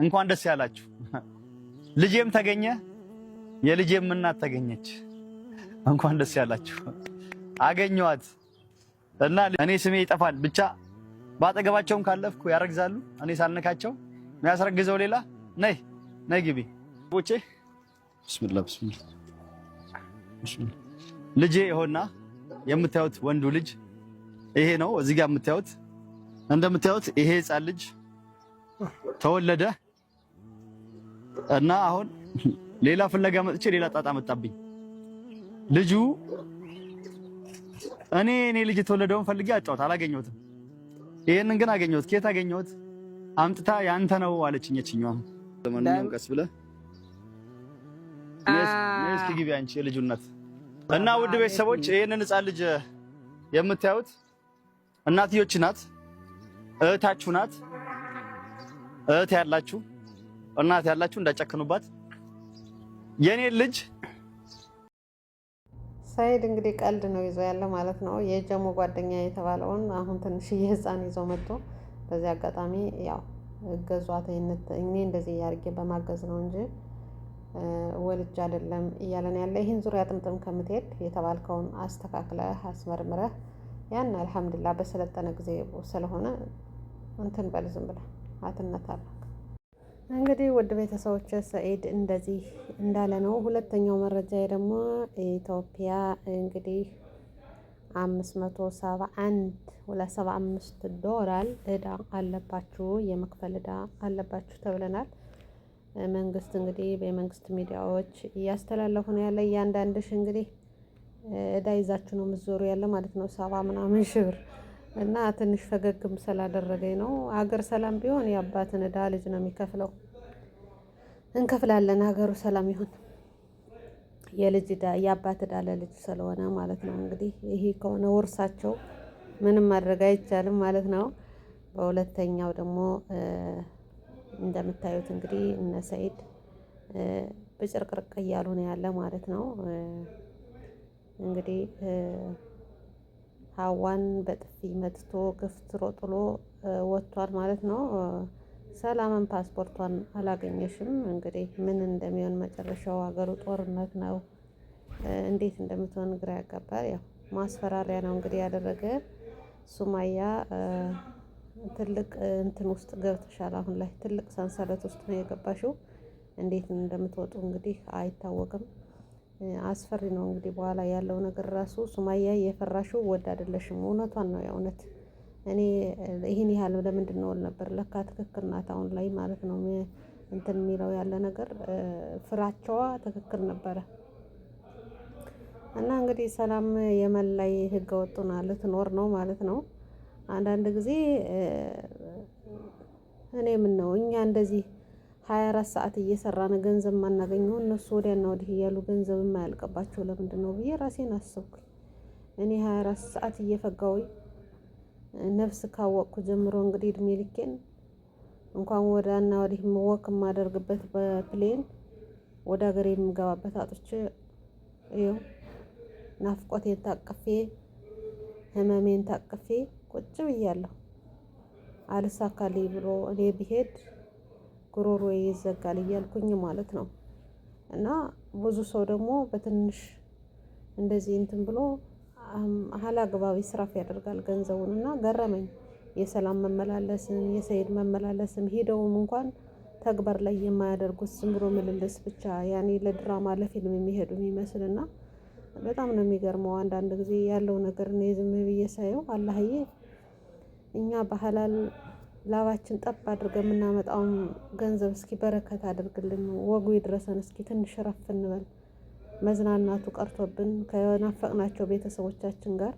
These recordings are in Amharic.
እንኳን ደስ ያላችሁ። ልጄም ተገኘ፣ የልጄም እናት ተገኘች። እንኳን ደስ ያላችሁ። አገኘዋት እና እኔ ስሜ ይጠፋል ብቻ በአጠገባቸውም ካለፍኩ ያረግዛሉ። እኔ ሳልነካቸው የሚያስረግዘው ሌላ። ነይ ነይ ግቢ ቦቼ ቢስሚላህ ቢስሚላህ። ልጄ ይሆና የምታዩት ወንዱ ልጅ ይሄ ነው። እዚህ ጋር የምታዩት እንደምታዩት ይሄ ህፃን ልጅ ተወለደ። እና አሁን ሌላ ፍለጋ መጥቼ ሌላ ጣጣ መጣብኝ። ልጁ እኔ እኔ ልጅ የተወለደውን ፈልጌ አጫውት አላገኘሁትም። ይሄንን ግን አገኘሁት። ከየት አገኘሁት? አምጥታ ያንተ ነው አለችኝ። እቺኛው ለማንኛውም ቀስ ብለህ ነስ ግቢ አንቺ የልጁ እናት እና ውድ ቤተሰቦች ይሄንን ህፃን ልጅ የምታዩት እናትዮች ናት፣ እህታችሁ ናት። እህት ያላችሁ እናት ያላችሁ እንዳጨክኑባት የኔ ልጅ ሳይድ እንግዲህ ቀልድ ነው ይዞ ያለ ማለት ነው። የጀሞ ጓደኛ የተባለውን አሁን ትንሽዬ ህፃን ይዞ መጥቶ በዚህ አጋጣሚ ያው እገዟት እኔ እንደዚህ እያርጌ በማገዝ ነው እንጂ ወልጅ አይደለም እያለን ያለ ይህን ዙሪያ ጥምጥም ከምትሄድ የተባልከውን አስተካክለህ አስመርምረህ ያን አልሐምዱላ በሰለጠነ ጊዜ ስለሆነ እንትን በል ዝም ብለህ እንግዲህ ውድ ቤተሰቦች ሰኢድ እንደዚህ እንዳለ ነው። ሁለተኛው መረጃ ደግሞ ኢትዮጵያ እንግዲህ አምስት መቶ ሰባ አንድ ሁለት ሰባ አምስት ዶላር እዳ አለባችሁ የመክፈል እዳ አለባችሁ ተብለናል። መንግስት እንግዲህ በመንግስት ሚዲያዎች እያስተላለፉ ነው ያለ እያንዳንድሽ እንግዲህ እዳ ይዛችሁ ነው የምትዞሩ ያለ ማለት ነው ሰባ ምናምን ሺህ ብር እና ትንሽ ፈገግም ስላደረገኝ ነው። አገር ሰላም ቢሆን የአባትን እዳ ልጅ ነው የሚከፍለው። እንከፍላለን ሀገሩ ሰላም ይሁን። የልጅ ዕዳ የአባት እዳ ለልጅ ስለሆነ ማለት ነው። እንግዲህ ይሄ ከሆነ ውርሳቸው ምንም ማድረግ አይቻልም ማለት ነው። በሁለተኛው ደግሞ እንደምታዩት እንግዲህ እነ ሰይድ ብጭርቅርቅ እያሉ ነው ያለ ማለት ነው እንግዲህ ሀዋን በጥፊ መትቶ ገፍትሮ ጥሎ ወጥቷል ማለት ነው። ሰላምን ፓስፖርቷን አላገኘሽም። እንግዲህ ምን እንደሚሆን መጨረሻው ሀገሩ ጦርነት ነው። እንዴት እንደምትሆን ግራ ያጋባል። ያው ማስፈራሪያ ነው እንግዲህ ያደረገ ሱማያ ትልቅ እንትን ውስጥ ገብተሻል። አሁን ላይ ትልቅ ሰንሰለት ውስጥ ነው የገባሽው። እንዴት እንደምትወጡ እንግዲህ አይታወቅም። አስፈሪ ነው። እንግዲህ በኋላ ያለው ነገር ራሱ ሱማያ የፈራሽው ወድ አይደለሽም። እውነቷን ነው የእውነት እኔ ይህን ያህል ለምንድን ነው ነበር ለካ ትክክል ናት። አሁን ላይ ማለት ነው እንትን የሚለው ያለ ነገር ፍራቸዋ ትክክል ነበረ። እና እንግዲህ ሰላም የመን ላይ ህገ ወጡና ልትኖር ነው ማለት ነው። አንዳንድ ጊዜ እኔ ምን ነው እኛ እንደዚህ ሀያ አራት ሰዓት ነው ገንዘብ ማናገኘው እነሱ ወዲያና ወዲህ እያሉ ገንዘብ የማያልቅባቸው ለምንድን ነው ብዬ ራሴን አሰብኩኝ። እኔ ሀያ አራት ሰዓት እየፈጋው ነፍስ ካወቅኩ ጀምሮ እንግዲህ እድሜ ልኬን እንኳን ወዳና ወዲህ ወክ የማደርግበት በፕሌን ወደ ሀገር የምገባበት አጥቼ ይኸው ናፍቆቴን ታቅፌ ህመሜን ታቅፌ ቁጭ ብያለሁ። አልሳካልኝ ብሎ እኔ ብሄድ ጉሮሮ ይዘጋል እያልኩኝ ማለት ነው። እና ብዙ ሰው ደግሞ በትንሽ እንደዚህ እንትን ብሎ አህል አግባብ ይስራፍ ያደርጋል ገንዘቡን እና ገረመኝ። የሰላም መመላለስም የሰይድ መመላለስም ሄደውም እንኳን ተግባር ላይ የማያደርጉት ዝም ብሎ ምልልስ ብቻ ያኔ ለድራማ ለፊልም የሚሄዱ የሚመስል የሚመስልና በጣም ነው የሚገርመው። አንዳንድ ጊዜ ያለው ነገር ነው ዝም ብዬ ሳየው አላህዬ እኛ ባህላል ላባችን ጠብ አድርገን የምናመጣውን ገንዘብ እስኪ በረከት አድርግልን። ወጉ ይድረሰን። እስኪ ትንሽ ረፍ እንበል። መዝናናቱ ቀርቶብን ከናፈቅናቸው ቤተሰቦቻችን ጋር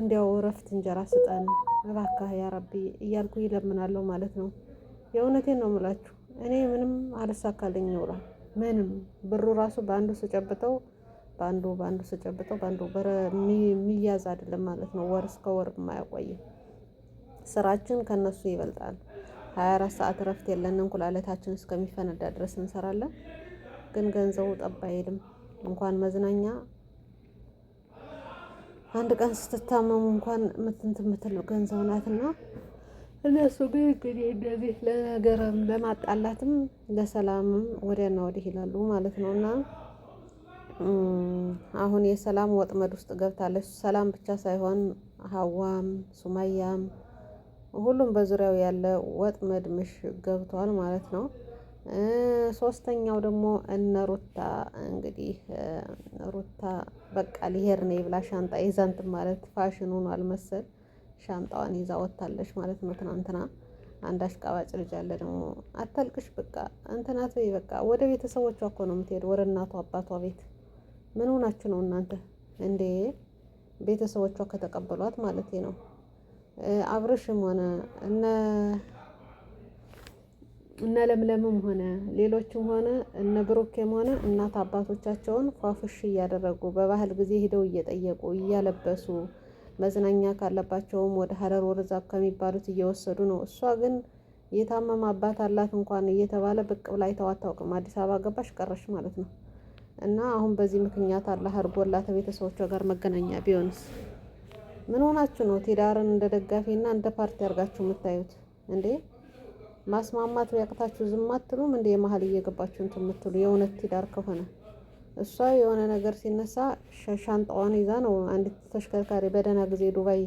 እንዲያው እረፍት እንጀራ ስጠን እባክህ ያረቢ ረቢ እያልኩ ይለምናለሁ ማለት ነው። የእውነቴን ነው ምላችሁ እኔ ምንም አልሳካልኝ ይውላል። ምንም ብሩ ራሱ በአንዱ ስጨብጠው በአንዱ በአንዱ ስጨብጠው በአንዱ የሚያዝ አይደለም ማለት ነው። ወር እስከ ወር የማያቆይም ስራችን ከነሱ ይበልጣል። 24 ሰዓት እረፍት የለንም። ኩላለታችን እስከሚፈነዳ ድረስ እንሰራለን። ግን ገንዘቡ ጠብ አይልም። እንኳን መዝናኛ አንድ ቀን ስትታመሙ እንኳን ምትንት ምትል ገንዘብ ናትና እነሱ ግን እንግዲህ እንደዚህ ለነገርም ለማጣላትም ለሰላምም ወዲያና ወዲህ ይላሉ ማለት ነው። እና አሁን የሰላም ወጥመድ ውስጥ ገብታለች። ሰላም ብቻ ሳይሆን ሀዋም ሱማያም ሁሉም በዙሪያው ያለ ወጥመድ ምሽ ገብቷል ማለት ነው። ሶስተኛው ደግሞ እነ ሩታ እንግዲህ ሩታ በቃ ሊሄድ ነው ብላ ሻንጣ ይዛንት ማለት ፋሽን ሆኗል መሰል ሻንጣዋን ይዛ ወጥታለች ማለት ነው። ትናንትና አንድ አሽቃባጭ ልጅ አለ ደግሞ አታልቅሽ በቃ እንትናት በቃ ወደ ቤተሰቦቿ እኮ ነው የምትሄድ፣ ወደ እናቷ አባቷ ቤት። ምን ሆናችሁ ነው እናንተ እንዴ? ቤተሰቦቿ ከተቀበሏት ማለት ነው። አብርሽም ሆነ እነ እነ ለምለምም ሆነ ሌሎችም ሆነ እነ ብሩኬም ሆነ እናት አባቶቻቸውን ፏፍሽ እያደረጉ በባህል ጊዜ ሄደው እየጠየቁ እያለበሱ መዝናኛ ካለባቸውም ወደ ሀረር ወረዛብ ከሚባሉት እየወሰዱ ነው። እሷ ግን የታመመ አባት አላት እንኳን እየተባለ ብቅ ብላ አይተዋት አታውቅም። አዲስ አበባ ገባሽ ቀረሽ ማለት ነው። እና አሁን በዚህ ምክንያት አላህ አድርጎላት ቤተሰቦቿ ጋር መገናኛ ቢሆንስ ምን ሆናችሁ ነው ቴዳርን እንደ ደጋፊና እንደ ፓርቲ አድርጋችሁ የምታዩት እንዴ? ማስማማት ቢያቅታችሁ ዝም አትሉም እንዴ? መሀል እየገባችሁ እንትን የምትሉ የእውነት ቴዳር ከሆነ እሷ የሆነ ነገር ሲነሳ ሻንጣዋን ይዛ ነው። አንዲት ተሽከርካሪ በደህና ጊዜ ዱባይ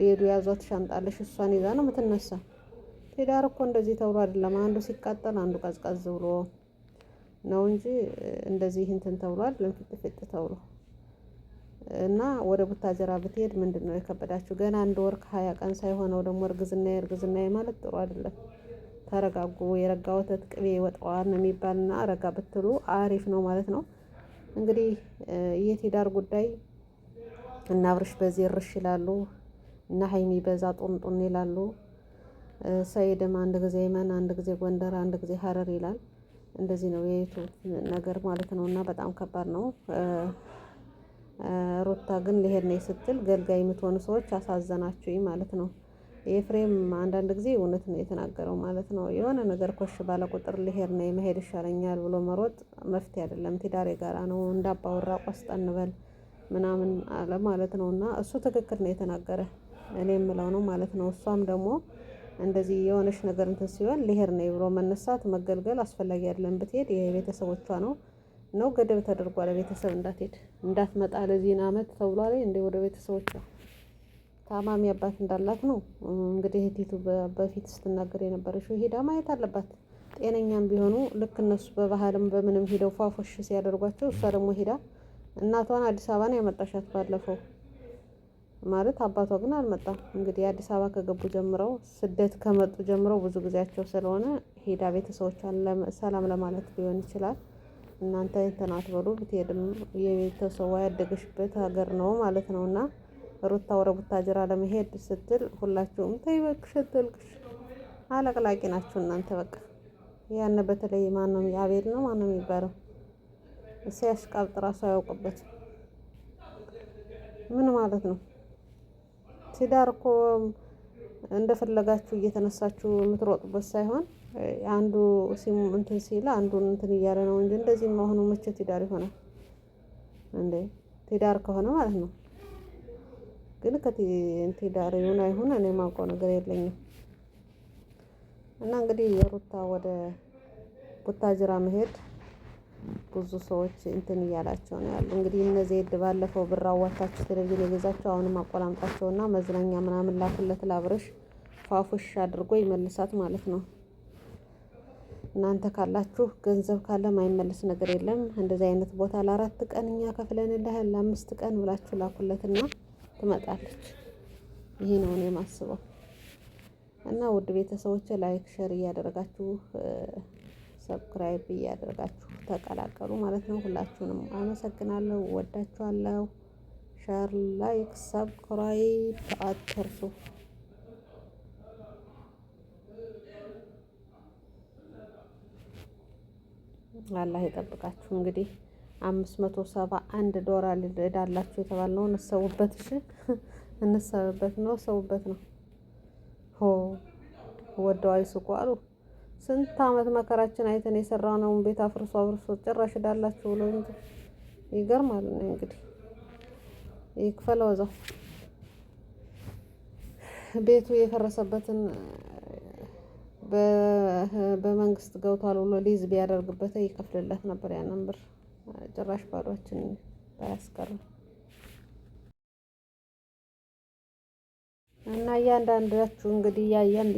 ሊሄዱ ያዟት ሻንጣለሽ፣ እሷን ይዛ ነው የምትነሳ። ቴዳር እኮ እንደዚህ ተብሎ አይደለም። አንዱ ሲቃጠል አንዱ ቀዝቀዝ ብሎ ነው እንጂ እንደዚህ እንትን ተብሏል፣ ፍጥፍጥ ተብሎ እና ወደ ቡታጀራ ብትሄድ ምንድን ነው የከበዳችሁ? ገና አንድ ወር ከሀያ ቀን ሳይሆነው ደግሞ እርግዝና እርግዝና ማለት ጥሩ አይደለም። ተረጋጉ። የረጋ ወተት ቅቤ የሚባል የሚባልና ረጋ ብትሉ አሪፍ ነው ማለት ነው። እንግዲህ የትዳር ጉዳይ እና አብርሽ በዚህ እርሽ ይላሉ እና ሀይሚ በዛ ጡንጡን ይላሉ። ሰይድም አንድ ጊዜ የመን፣ አንድ ጊዜ ጎንደር፣ አንድ ጊዜ ሀረር ይላል። እንደዚህ ነው የዩቱብ ነገር ማለት ነው እና በጣም ከባድ ነው። ሩታ ግን ሊሄድ ነኝ ስትል ገልጋይ የምትሆኑ ሰዎች አሳዘናችሁኝ ማለት ነው። ኤፍሬም አንዳንድ ጊዜ እውነት ነው የተናገረው ማለት ነው። የሆነ ነገር ኮሽ ባለ ቁጥር ሊሄድ ነኝ መሄድ ይሻለኛል ብሎ መሮጥ መፍትሄ አይደለም። ትዳር የጋራ ነው፣ እንዳባወራ ቆስጠን በል ምናምን አለ ማለት ነው። እና እሱ ትክክል ነው የተናገረ እኔ የምለው ነው ማለት ነው። እሷም ደግሞ እንደዚህ የሆነች ነገር እንትን ሲሆን ሊሄድ ነኝ ብሎ መነሳት መገልገል አስፈላጊ አይደለም። ብትሄድ የቤተሰቦቿ ነው ነው ገደብ ተደርጓል። ቤተሰብ እንዳትሄድ እንዳትመጣ ለዚህን አመት ተብሏል። እንደ ወደ ቤተሰቦቿ ታማሚ አባት እንዳላት ነው እንግዲህ እህቲቱ በፊት ስትናገር የነበረችው ሄዳ ማየት አለባት። ጤነኛም ቢሆኑ ልክ እነሱ በባህልም በምንም ሄደው ፏፎሽ ሲያደርጓቸው እሷ ደግሞ ሄዳ እናቷን አዲስ አበባ ነው ያመጣሻት ባለፈው ማለት አባቷ ግን አልመጣም። እንግዲህ አዲስ አበባ ከገቡ ጀምረው ስደት ከመጡ ጀምረው ብዙ ጊዜያቸው ስለሆነ ሄዳ ቤተሰቦቿን ሰላም ለማለት ሊሆን ይችላል እናንተ እንትን አትበሉ። ብትሄድም የቤተሰቧ ያደገሽበት ሀገር ነው ማለት ነው እና ሩታ ወረ ቡታጅራ ለመሄድ ስትል ሁላችሁም ተይበቅሽ ትልቅሽ አለቅላቂ ናችሁ እናንተ በቃ ያነ በተለይ ማነው አቤል ነው ማነው የሚባለው ሲያሽቃብጥ ራሱ አያውቅበት ምን ማለት ነው? ሲዳርኮ እኮ እንደፈለጋችሁ እየተነሳችሁ የምትሮጡበት ሳይሆን አንዱ ሲሙ እንትን ሲል አንዱ እንትን እያለ ነው እንጂ እንደዚህ መሆኑ መቼ ትዳር ይሆናል እንዴ? ትዳር ከሆነ ማለት ነው። ግን ከትዳር ይሁን አይሁን እኔ የማውቀው ነገር የለኝም። እና እንግዲህ የሩታ ወደ ቡታጅራ መሄድ ብዙ ሰዎች እንትን እያላቸው ነው ያሉ። እንግዲህ እነዚህ ሄድ ባለፈው ብር አዋታችሁ ቴሌቪዥን የገዛቸው አሁንም አቆላምጣቸውና መዝናኛ ምናምን ላኩለት ላብረሽ ፏፉሽ አድርጎ ይመልሳት ማለት ነው። እናንተ ካላችሁ ገንዘብ ካለ ማይመለስ ነገር የለም። እንደዚህ አይነት ቦታ ለአራት ቀን እኛ ከፍለንልህ ለአምስት ቀን ብላችሁ ላኩለትና ትመጣለች። ይሄ ነው እኔ የማስበው። እና ውድ ቤተሰቦች ላይክ፣ ሸር እያደረጋችሁ ሰብስክራይብ እያደረጋችሁ ተቀላቀሉ ማለት ነው። ሁላችሁንም አመሰግናለሁ፣ ወዳችኋለሁ። ሸር፣ ላይክ፣ ሰብስክራይብ አትርሱ። አላህ ይጠብቃችሁ። እንግዲህ አምስት መቶ ሰባ አንድ ዶላር ልዳላችሁ የተባልነውን እንሰውበት፣ እሺ እንሰብበት ነው ሰውበት ነው። ሆ ወደው አይስቁ አሉ። ስንት አመት መከራችን አይተን የሰራነውን ቤት አፍርሶ አፍርሶ ጭራሽ እዳላችሁ ብሎ እንጂ ይገርማል። እንግዲህ ይክፈለው እዛው ቤቱ የፈረሰበትን በመንግስት ገብቷል ብሎ ሊዝ ቢያደርግበት ይከፍልለት ነበር። ያንን ብር ጭራሽ ባዷችን ባያስቀርም እና እያንዳንዳችሁ እንግዲህ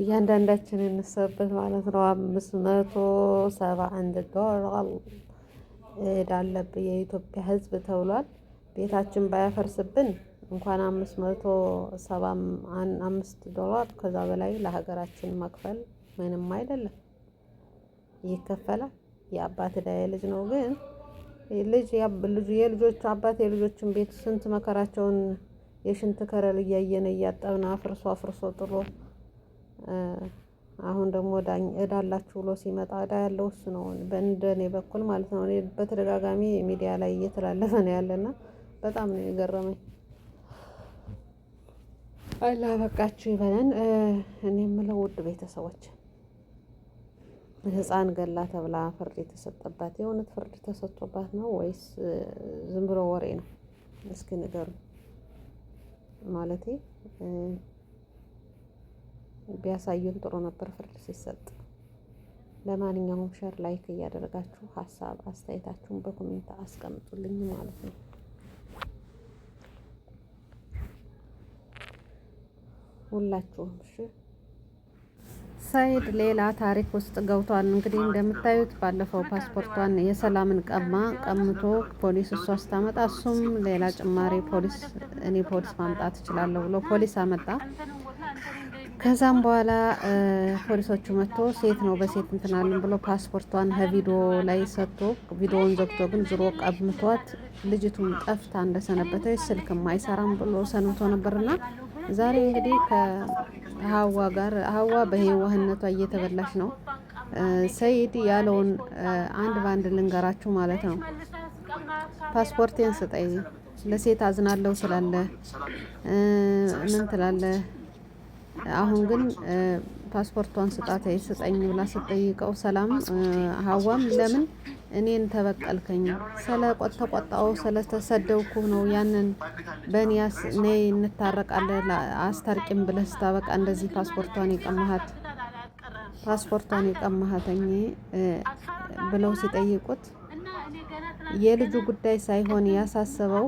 እያንዳንዳችን እንሰበት ማለት ነው። አምስት መቶ ሰባ አንድ ዶላር እዳ የኢትዮጵያ ህዝብ ተብሏል። ቤታችን ባያፈርስብን እንኳን አምስት መቶ ሰባ አምስት ዶላር ከዛ በላይ ለሀገራችን መክፈል ምንም አይደለም ይከፈላል። የአባት ዕዳ የልጅ ነው። ግን ልጅ የልጆቹ አባት የልጆችን ቤት ስንት መከራቸውን የሽንት ከረል እያየን እያጠብን አፍርሶ አፍርሶ ጥሎ አሁን ደግሞ ዕዳ ብሎ ሲመጣ እዳ ያለው እሱ ነው። በእንደኔ በኩል ማለት ነው። እኔ በተደጋጋሚ ሚዲያ ላይ እየተላለፈ ነው ያለና በጣም ነው የገረመኝ። አላ በቃችሁ ይበለን። እኔ የምለው ውድ ቤተሰቦች ህፃን ገላ ተብላ ፍርድ የተሰጠባት የእውነት ፍርድ ተሰጥቶባት ነው ወይስ ዝም ብሎ ወሬ ነው? እስኪ ንገሩ። ማለቴ ቢያሳዩን ጥሩ ነበር ፍርድ ሲሰጥ። ለማንኛውም ሸር፣ ላይክ እያደረጋችሁ ሀሳብ አስተያየታችሁን በኮሜንት አስቀምጡልኝ ማለት ነው። ሁላችሁም እሺ። ሳይድ ሌላ ታሪክ ውስጥ ገብቷል። እንግዲህ እንደምታዩት ባለፈው ፓስፖርቷን የሰላምን ቀማ ቀምቶ ፖሊስ እሷ ስታመጣ እሱም ሌላ ጭማሪ ፖሊስ እኔ ፖሊስ ማምጣት እችላለሁ ብሎ ፖሊስ አመጣ። ከዛም በኋላ ፖሊሶቹ መጥቶ ሴት ነው በሴት እንትናለን ብሎ ፓስፖርቷን ከቪዲዮ ላይ ሰጥቶ ቪዲዮውን ዘግቶ ግን ዝሮ ቀምቷት ልጅቱን ጠፍታ እንደሰነበተች ስልክም አይሰራም ብሎ ሰንብቶ ነበርና ዛሬ እንግዲህ ሀዋ ጋር ሀዋ በየዋህነቷ እየተበላሽ ነው። ሰይድ ያለውን አንድ በአንድ ልንገራችሁ ማለት ነው። ፓስፖርቴን ስጠኝ ለሴት አዝናለሁ ስላለ ምን ትላለ? አሁን ግን ፓስፖርቷን ስጣት ስጠኝ ብላ ስጠይቀው ሰላም ሀዋም ለምን እኔን ተበቀልከኝ። ስለ ተቆጣው ስለተሰደብኩ ነው። ያንን በኒያስ እኔ እንታረቃለን አስታርቂም ብለህ ስታበቃ እንደዚህ ፓስፖርቷን የቀማሃት ፓስፖርቷን የቀማሃተኝ ብለው ሲጠይቁት የልጁ ጉዳይ ሳይሆን ያሳሰበው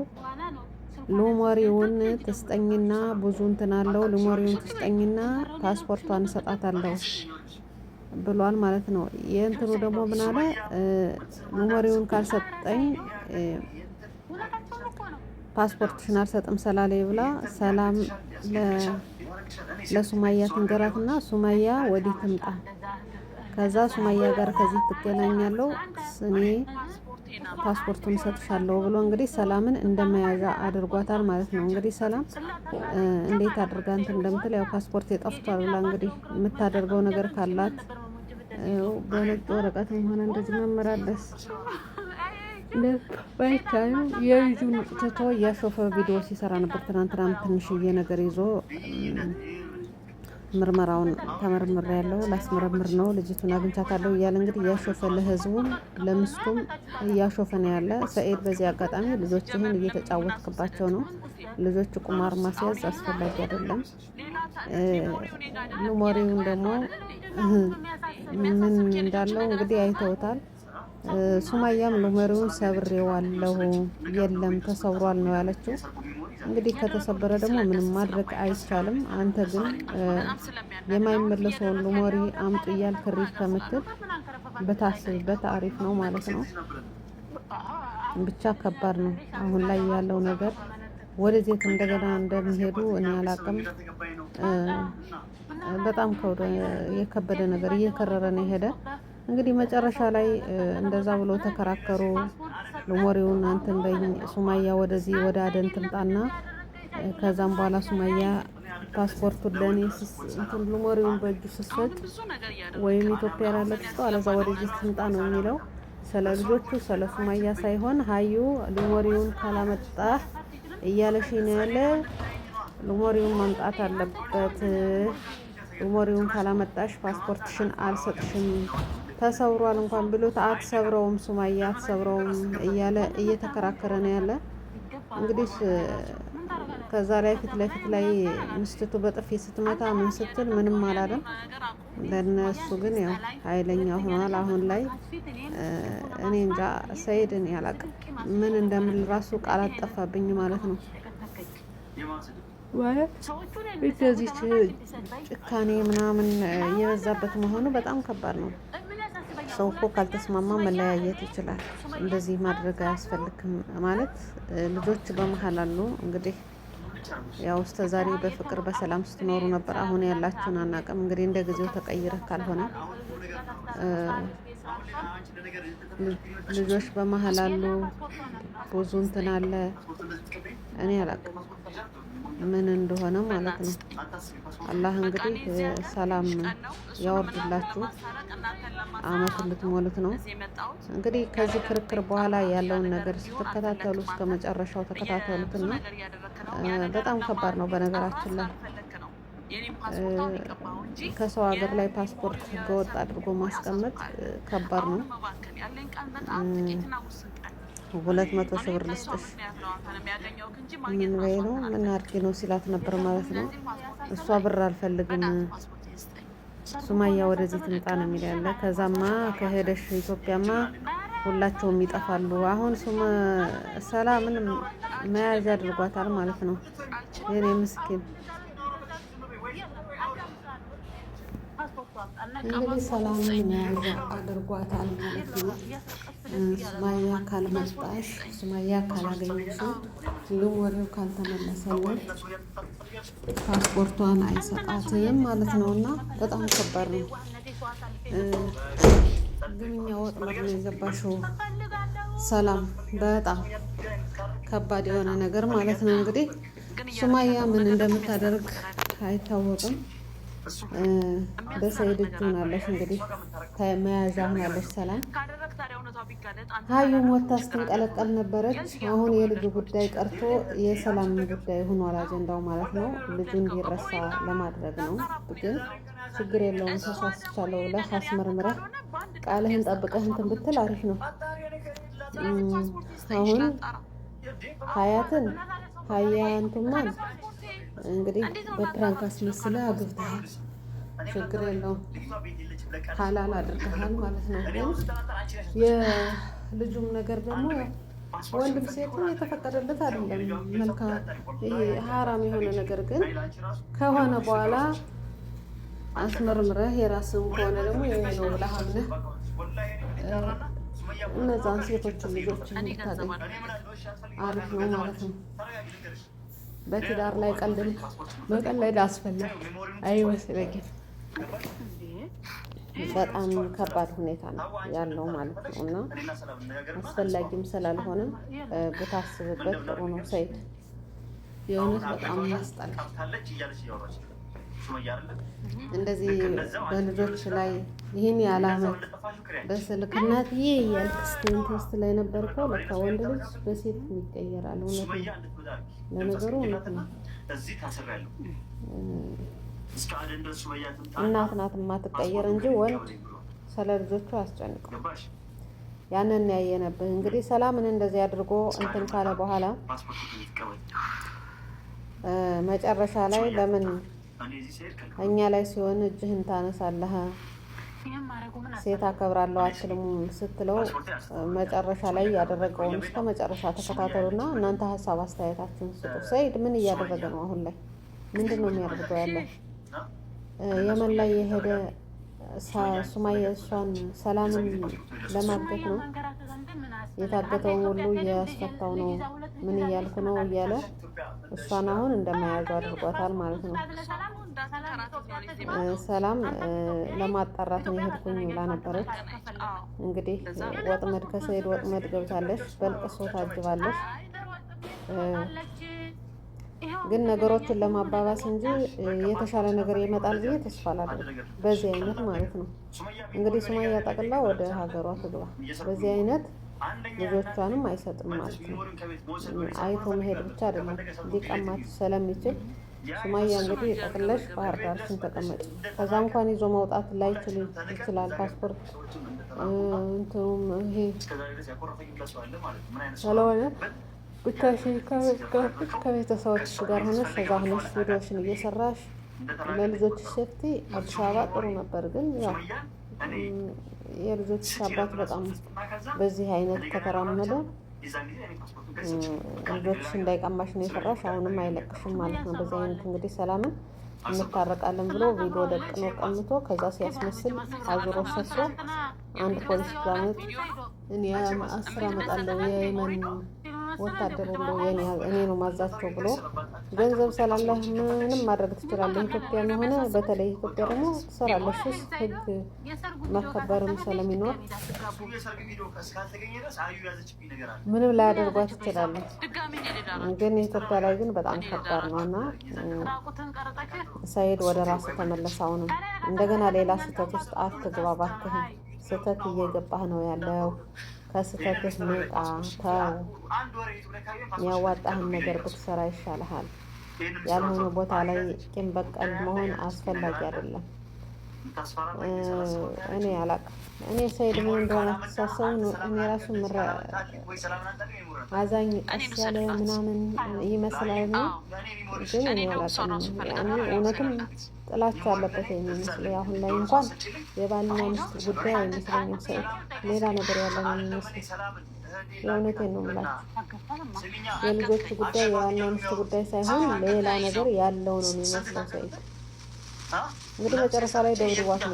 ሎሞሪውን ትስጠኝና ብዙ እንትን አለው ሎሞሪውን ትስጠኝና ፓስፖርቷን እሰጣታለሁ ብሏል ማለት ነው። የእንትኑ ደግሞ ምን አለ? መሞሪውን ካልሰጠኝ ፓስፖርትሽን አልሰጥም ስላለኝ ብላ ሰላም ለሱማያ ትንገራትና ሱማያ ወዲህ ትምጣ። ከዛ ሱማያ ጋር ከዚህ ትገናኛለው እኔ ፓስፖርቱን ሰጥሻለሁ ብሎ እንግዲህ ሰላምን እንደመያዣ አድርጓታል ማለት ነው። እንግዲህ ሰላም እንዴት አድርጋ እንትን እንደምትል ያው ፓስፖርት የጠፍቷል ብላ እንግዲህ የምታደርገው ነገር ካላት በነጭ ወረቀትም ሆነ እንደዚህ መመላለስ ባይቻልም የልጁን ትቶ የሾፈ ቪዲዮ ሲሰራ ነበር ትናንትናም ትንሽዬ ነገር ይዞ ምርመራውን ተመርምር ያለው ላስመረምር ነው ልጅቱን አግኝቻታለሁ እያለ እንግዲህ እያሾፈ ለህዝቡም ለምስቱም እያሾፈ ነው ያለ ሰኤድ በዚህ አጋጣሚ ልጆችህን እየተጫወትክባቸው ነው። ልጆች ቁማር ማስያዝ አስፈላጊ አይደለም። ኑሞሪውን ደግሞ ምን እንዳለው እንግዲህ አይተውታል። ሱማያም ኑመሪውን ሰብሬዋለሁ የለም ተሰብሯል ነው ያለችው። እንግዲህ ከተሰበረ ደግሞ ምንም ማድረግ አይቻልም። አንተ ግን የማይመለሰውን ሎመሪ አምጡ እያልክ ሪፍ ከምትል በታስብበት አሪፍ ነው ማለት ነው። ብቻ ከባድ ነው አሁን ላይ ያለው ነገር። ወደዚህ እንደገና እንደሚሄዱ እኔ አላቅም። በጣም የከበደ ነገር እየከረረ ነው የሄደ እንግዲህ መጨረሻ ላይ እንደዛ ብሎ ተከራከሩ። ወሬውን እንትን በይ ሱማያ ወደዚህ ወደ አደን ትምጣና ከዛም በኋላ ሱማያ ፓስፖርቱ ለእኔ እንትን ሉሞሪውን በእጁ ስሰጥ ወይም ኢትዮጵያ ላለት አለዛ ወደዚህ ትምጣ ነው የሚለው። ስለ ልጆቹ ስለ ሱማያ ሳይሆን ሀዩ ሉሞሪውን ካላመጣ እያለሽ ነው ያለ። ሉሞሪውን ማምጣት አለበት። ሉሞሪውን ካላመጣሽ ፓስፖርትሽን አልሰጥሽም ተሰብሯል እንኳን ብሎት አትሰብረውም፣ ሱማያ አትሰብረውም እያለ እየተከራከረ ነው ያለ። እንግዲህ ከዛ ላይ ፊት ለፊት ላይ ምስትቱ በጥፊ ስትመታ ምን ስትል ምንም አላለም። ለነሱ ግን ያው ኃይለኛ ሆኗል። አሁን ላይ እኔ እንጃ ሰይድን ያላቅ ምን እንደምል ራሱ ቃል አጠፋብኝ ማለት ነው ወይ እንደዚህ ጭካኔ ምናምን የበዛበት መሆኑ በጣም ከባድ ነው። ሰው እኮ ካልተስማማ መለያየት ይችላል። እንደዚህ ማድረግ አያስፈልግም ማለት ልጆች በመሀል አሉ። እንግዲህ ያው እስከ ዛሬ በፍቅር በሰላም ስትኖሩ ነበር። አሁን ያላችሁን አናውቅም። እንግዲህ እንደ ጊዜው ተቀይረ ካልሆነ ልጆች በመሀል አሉ። ብዙ እንትን አለ። እኔ አላውቅም። ምን እንደሆነ ማለት ነው። አላህ እንግዲህ ሰላም ያወርድላችሁ፣ አመት እንድትሞሉት ነው እንግዲህ። ከዚህ ክርክር በኋላ ያለውን ነገር ስትከታተሉ እስከ መጨረሻው ተከታተሉትና በጣም ከባድ ነው በነገራችን ላይ ከሰው ሀገር ላይ ፓስፖርት ህገወጥ አድርጎ ማስቀመጥ ከባድ ነው። ሁለት መቶ ሺህ ብር ልስጥሽ ምን በይ ነው ምን አድርጌ ነው ሲላት ነበር ማለት ነው። እሷ ብር አልፈልግም ሱማያ ወደዚህ ትምጣ ነው የሚል ያለ። ከዛማ ከሄደሽ ኢትዮጵያማ ሁላቸውም ይጠፋሉ። አሁን ሱመ ሰላምን መያዝ አድርጓታል ማለት ነው። የኔ ምስኪን እንግዲህ ሰላምን መያዝ አድርጓታል ማለት ነው። ሱማያ ካልመጣሽ፣ ሱማያ ካላገኘሽው፣ ልወሬው ካልተመለሰለት ፓስፖርቷን አይሰጣትም ማለት ነው እና በጣም ከባድ ነው። ግንኛ ወጥመድ ነው የገባሽው ሰላም። በጣም ከባድ የሆነ ነገር ማለት ነው። እንግዲህ ሱማያ ምን እንደምታደርግ አይታወቅም። በሰይድ እጅ ሆናለች። እንግዲህ መያዣ ሆናለች። ሰላም ሀዩ ሞታ ስትንቀለቀል ነበረች። አሁን የልጁ ጉዳይ ቀርቶ የሰላም ጉዳይ ሆኗል አጀንዳው ማለት ነው። ልጁ እንዲረሳ ለማድረግ ነው። ግን ችግር የለውም ተሳስቻለሁ ብለህ አስመርምረህ ቃልህን ጠብቀህ እንትን ብትል አሪፍ ነው። አሁን ሀያትን ሀያ እንትማን እንግዲህ በፕራንክ አስመስለ አግብተሃል፣ ችግር የለውም ሀላል አድርገሃል ማለት ነው። ግን የልጁም ነገር ደግሞ ወንድም ሴትም የተፈቀደለት አይደለም። መልካም ይሄ ሀራም የሆነ ነገር ግን ከሆነ በኋላ አስመርምረህ የራስም ከሆነ ደግሞ ይሄ ነው ብለህ አምነህ እነዛን ሴቶችን ልጆችን እንድታገኝ አሪፍ ነው ማለት ነው። በትዳር ላይ ቀልድ መቀለድ አስፈላጊ አይመስለኝም። በጣም ከባድ ሁኔታ ነው ያለው ማለት ነው እና አስፈላጊም ስላልሆነም ብታስብበት ጥሩ ነው። ሰይድ የእውነት በጣም ያስጠላል። እንደዚህ በልጆች ላይ ይህን ያህል ዓመት በስልክ እናትዬ እያልክ ቴስት ላይ ነበር እኮ ለካ ወንድ ልጅ በሴት ይቀየራል። እውነት ነው፣ ለነገሩ እውነት ነው። እናት ናት የማትቀየር እንጂ ወንድ ስለ ልጆቹ አያስጨንቅም። ያንን ያየነብህ እንግዲህ ሰላምን እንደዚህ አድርጎ እንትን ካለ በኋላ መጨረሻ ላይ ለምን እኛ ላይ ሲሆን እጅህን ታነሳለህ። ሴት አከብራለሁ አችልም ስትለው መጨረሻ ላይ ያደረገውን እስከ መጨረሻ ተከታተሉና እናንተ ሀሳብ አስተያየታችሁን ስጡ። ሰይድ ምን እያደረገ ነው? አሁን ላይ ምንድን ነው የሚያደርገው? ያለ የመን ላይ የሄደ ሱማዬ እሷን ሰላምን ለማገት ነው የታገተውን ሁሉ እያስፈታው ነው፣ ምን እያልኩ ነው እያለ እሷን አሁን እንደመያዙ አድርጓታል ማለት ነው። ሰላም ለማጣራት ነው የሄድኩኝ ብላ ነበረች። እንግዲህ ወጥመድ ከሰይድ ወጥመድ ገብታለች፣ በልቅሶ ታጅባለች። ግን ነገሮችን ለማባባስ እንጂ የተሻለ ነገር ይመጣል ብዬ ተስፋ አላደርግም። በዚህ አይነት ማለት ነው እንግዲህ ሱማያ ጠቅላ ወደ ሀገሯ ትግባ። በዚህ አይነት ልጆቿንም አይሰጥም ማለት ነው። አይቶ መሄድ ብቻ አይደለም ሊቀማት ስለሚችል ሱማያ እንግዲህ የጠቅለሽ ባህር ዳርችን ተቀመጭ። ከዛ እንኳን ይዞ መውጣት ላይችል ይችላል። ፓስፖርት እንትኑም ይሄ ስለሆነ ከቤተሰቦችሽ ጋር ሆነሽ ከዛ ሆነሽ ቪዲዮሽን እየሰራሽ ለልጆች ሴፍቲ አዲስ አበባ ጥሩ ነበር፣ ግን ያው የልጆች አባት በጣም በዚህ አይነት ከተራመደ ልጆች እንዳይቀማሽ ነው የሰራሽ። አሁንም አይለቅሽም ማለት ነው። በዚህ አይነት እንግዲህ ሰላምን እንታረቃለን ብሎ ቪዲዮ ደቅኖ ቀምቶ ከዛ ሲያስመስል አዙሮ ሰሶ አንድ ፖሊስ ጋር እኔ አስር አመጣለሁ የየመን ወታደር የለው እኔ ነው ማዛቸው ብሎ ገንዘብ ስላለህ ምንም ማድረግ ትችላለህ። ኢትዮጵያ የሆነ በተለይ ኢትዮጵያ ደግሞ ትሰራለች። ሱስ ህግ መከበርም ስለሚኖር ምንም ላያደርጓት ትችላለህ። ግን ኢትዮጵያ ላይ ግን በጣም ከባድ ነው እና ሰይድ ወደ ራስ ተመለስ። አሁንም እንደገና ሌላ ስህተት ውስጥ አትግባ ስህተት እየገባህ ነው ያለው ከስተትህ ምጣ ተው። የሚያዋጣህን ነገር ብትሰራ ይሻልሃል። ያልሆነ ቦታ ላይ ቂም በቀል መሆን አስፈላጊ አይደለም። እኔ አላውቅም። እኔ ሰይድ ምን እንደሆነ እኔ ራሱ ምራ አዛኝ ቀስ ያለ ምናምን ይመስላል ነው፣ ግን እኔ አላውቅም። እውነትም አለበት አሁን ላይ እንኳን የባልና ሚስት ጉዳይ አይመስለኝም። ሰይድ ሌላ ነገር ያለ ነው የእውነቴን ነው የምላችሁ የልጆቹ ጉዳይ የባልና ሚስት ጉዳይ ሳይሆን ሌላ ነገር ያለው ነው የሚመስለው ሰይድ Huh? We're going to get a salad over